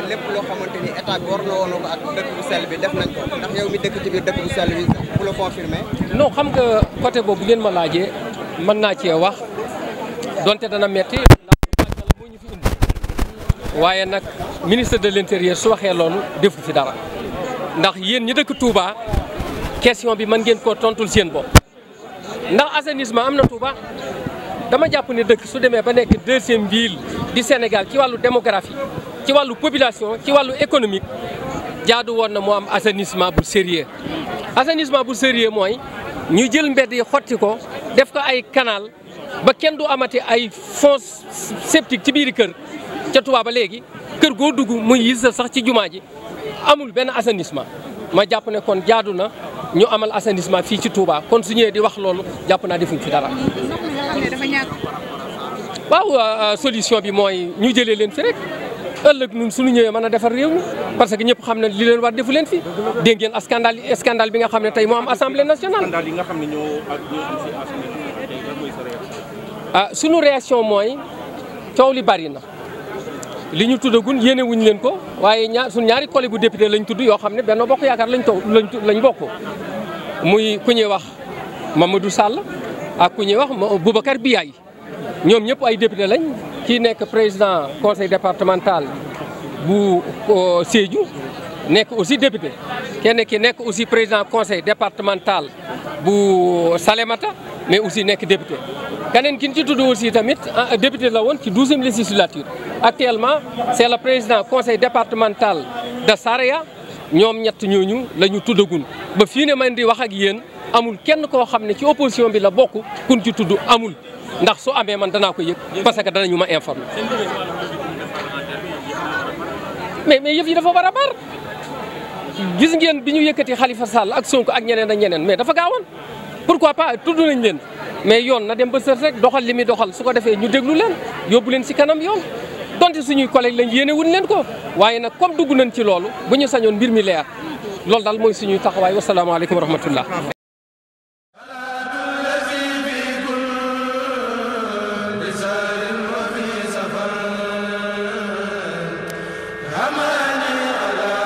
ne lépp loo xamante ni état bi war na woon ko ak dëkk bu sell bi def nañ ko ndax yow mi dëkk ci biir dëkk bu sell bi bu la confirmer non xam nga côté boobu ngeen ma laajee mën naa cee wax donte dana metti ndax màggal moo ñu fi indi waaye nag ministre de l'intérieur su waxee loolu defu fi dara ndax yéen ñi dëkk Touba question bi mën ngeen koo tontul seen bopp ndax assainissement am na Touba dama jàpp ne dëkk su demee ba nekk deuxième ville di Sénégal ci wàllu démographie ci wàllu population ci wàllu économique jaadu woon na moo am assainissement bu sérieux assainissement bu sérieux mooy ñu jël mbedd yi xotti ko def ko ay canal ba kenn du amati ay fosse septique ci biir kër ca Touba ba léegi kër goo dugg muy yissa sax ci jumaa ji amul benn assainissement ma jàpp ne kon jaadu na ñu amal assainissement fii ci Touba kon su ñëwee di wax loolu jàpp naa defuñ fi dara. waaw euh, solution bi mooy ñu jëlee leen fi ëllëg ñun suñu ñëwee mën a defar réew mi parce que ñëpp xam ne li leen war defu leen fi dégg ngeen scandale scandale bi nga xam ne tey moo am assemblée nationale. ah suñu réaction mooy coow li bari na li ñu tudd tuddagun yéene wuñ leen ko waaye ñaar suñu ñaari collègue bu député lañ tudd yoo xam ne benn bokk yaakaar lañ taw lañ lañ bokk muy ku ñuy wax Mamadou sàll ak ku ñuy wax bi Biaye ñoom ñëpp ay député lañ. kii nekk président conseil départemental bu euh, Sédhiou nekk aussi député kenn ki nekk aussi président conseil départemental bu euh, Salémata mais aussi nekk député keneen ki ñu ci tudd aussi tamit ah, député la woon ci douzième législature actuellement c'est le président conseil départemental de Saraya ñoom ñett ñooñu la ñu tuddagun ba fii ne man di wax ak yéen amul kenn koo xam ne ci opposition bi la bokk kun ci tudd amul ndax su amee man danaa ko yëg parce que danañu ma informer mais mais yëf yi dafa war a bar gis ngeen bi ñu yëkkati xalifa Sall ak Sonko ak ñeneen ak ñeneen mais dafa gaawoon pourquoi pas tudd nañ leen mais yoon na dem ba sër rek doxal li muy doxal su ko defee ñu déglu leen yóbbu leen si kanam yoon donte suñuy collègue lañ yéene wuñ leen ko waaye nag comme dugg nañ ci loolu bu ñu sañoon mbir mi leer loolu daal mooy suñuy taxawaay wasalaamaaleykum wa rahmatullah